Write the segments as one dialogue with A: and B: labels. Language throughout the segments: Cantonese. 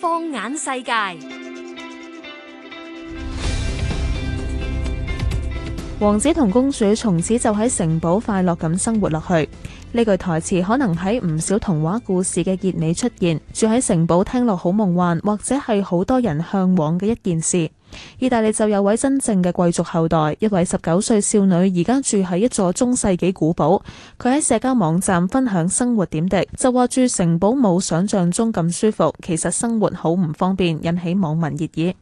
A: 放眼世界，王子同公主從此就喺城堡快樂咁生活落去。呢句台詞可能喺唔少童話故事嘅結尾出現。住喺城堡聽落好夢幻，或者係好多人嚮往嘅一件事。意大利就有位真正嘅貴族後代，一位十九歲少女，而家住喺一座中世紀古堡。佢喺社交網站分享生活點滴，就話住城堡冇想象中咁舒服，其實生活好唔方便，引起網民熱議。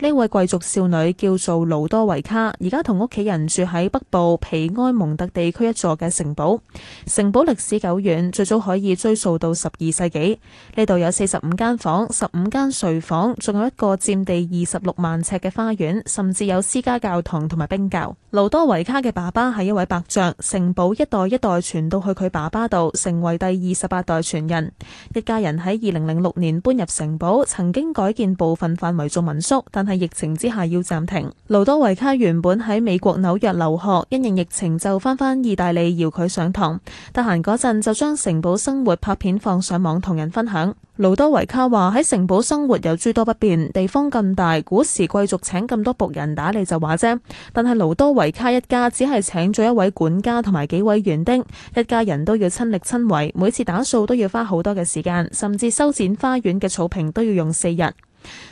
A: 呢位貴族少女叫做盧多維卡，而家同屋企人住喺北部皮埃蒙特地區一座嘅城堡。城堡歷史久遠，最早可以追溯到十二世紀。呢度有四十五間房，十五間睡房，仲有一個佔地二十六萬尺嘅花園，甚至有私家教堂同埋冰窖。盧多維卡嘅爸爸係一位伯爵，城堡一代一代傳到去佢爸爸度，成為第二十八代傳人。一家人喺二零零六年搬入城堡，曾經改建部分範圍做民宿。但係疫情之下要暫停。盧多維卡原本喺美國紐約留學，因應疫情就翻返意大利要佢上堂。得閒嗰陣就將城堡生活拍片放上網同人分享。盧多維卡話喺城堡生活有諸多不便，地方咁大，古時貴族請咁多僕人打理就話啫。但係盧多維卡一家只係請咗一位管家同埋幾位園丁，一家人都要親力親為，每次打掃都要花好多嘅時間，甚至修剪花園嘅草坪都要用四日。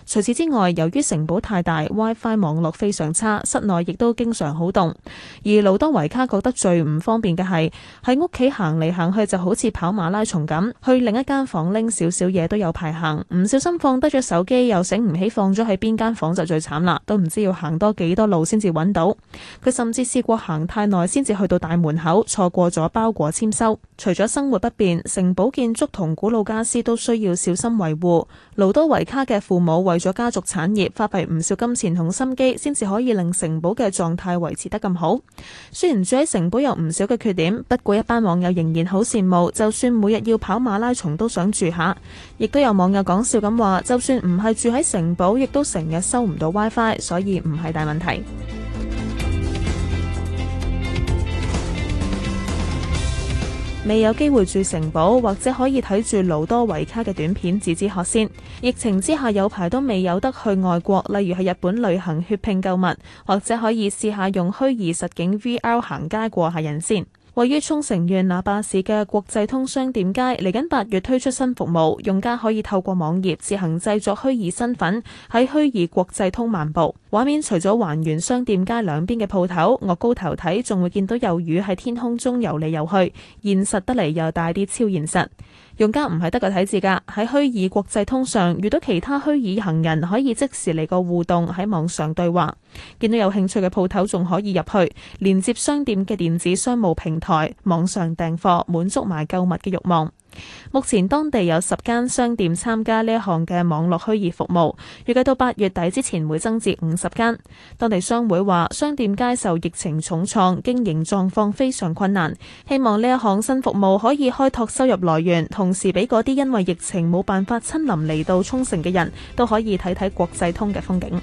A: 除此之外，由於城堡太大，WiFi 網絡非常差，室內亦都經常好凍。而盧多維卡覺得最唔方便嘅係喺屋企行嚟行去就好似跑馬拉松咁，去另一間房拎少少嘢都有排行。唔小心放低咗手機又醒唔起放咗喺邊間房就最慘啦，都唔知要行多幾多路先至揾到。佢甚至試過行太耐先至去到大門口，錯過咗包裹簽收。除咗生活不便，城堡建築同古老家私都需要小心維護。盧多維卡嘅父母父母為咗家族產業，花費唔少金錢同心機，先至可以令城堡嘅狀態維持得咁好。雖然住喺城堡有唔少嘅缺點，不過一班網友仍然好羨慕，就算每日要跑馬拉松都想住下。亦都有網友講笑咁話，就算唔係住喺城堡，亦都成日收唔到 WiFi，所以唔係大問題。未有機會住城堡，或者可以睇住盧多維卡嘅短片止止渴先。疫情之下，有排都未有得去外國，例如去日本旅行血拼購物，或者可以試下用虛擬實境 V R 行街過下癮先。位於沖繩縣那霸市嘅國際通商店街，嚟緊八月推出新服務，用家可以透過網頁自行製作虛擬身份，喺虛擬國際通漫步。畫面除咗還原商店街兩邊嘅鋪頭，我高頭睇仲會見到有魚喺天空中游嚟游去，現實得嚟又大啲超現實。用家唔係得個睇字㗎，喺虛擬國際通上遇到其他虛擬行人，可以即時嚟個互動喺網上對話。見到有興趣嘅鋪頭仲可以入去連接商店嘅電子商務平台網上訂貨滿足埋購物嘅欲望。目前當地有十間商店參加呢一項嘅網絡虛擬服務，預計到八月底之前會增至五十間。當地商會話：商店街受疫情重創，經營狀況非常困難，希望呢一項新服務可以開拓收入來源，同時俾嗰啲因為疫情冇辦法親臨嚟到沖繩嘅人都可以睇睇國際通嘅風景。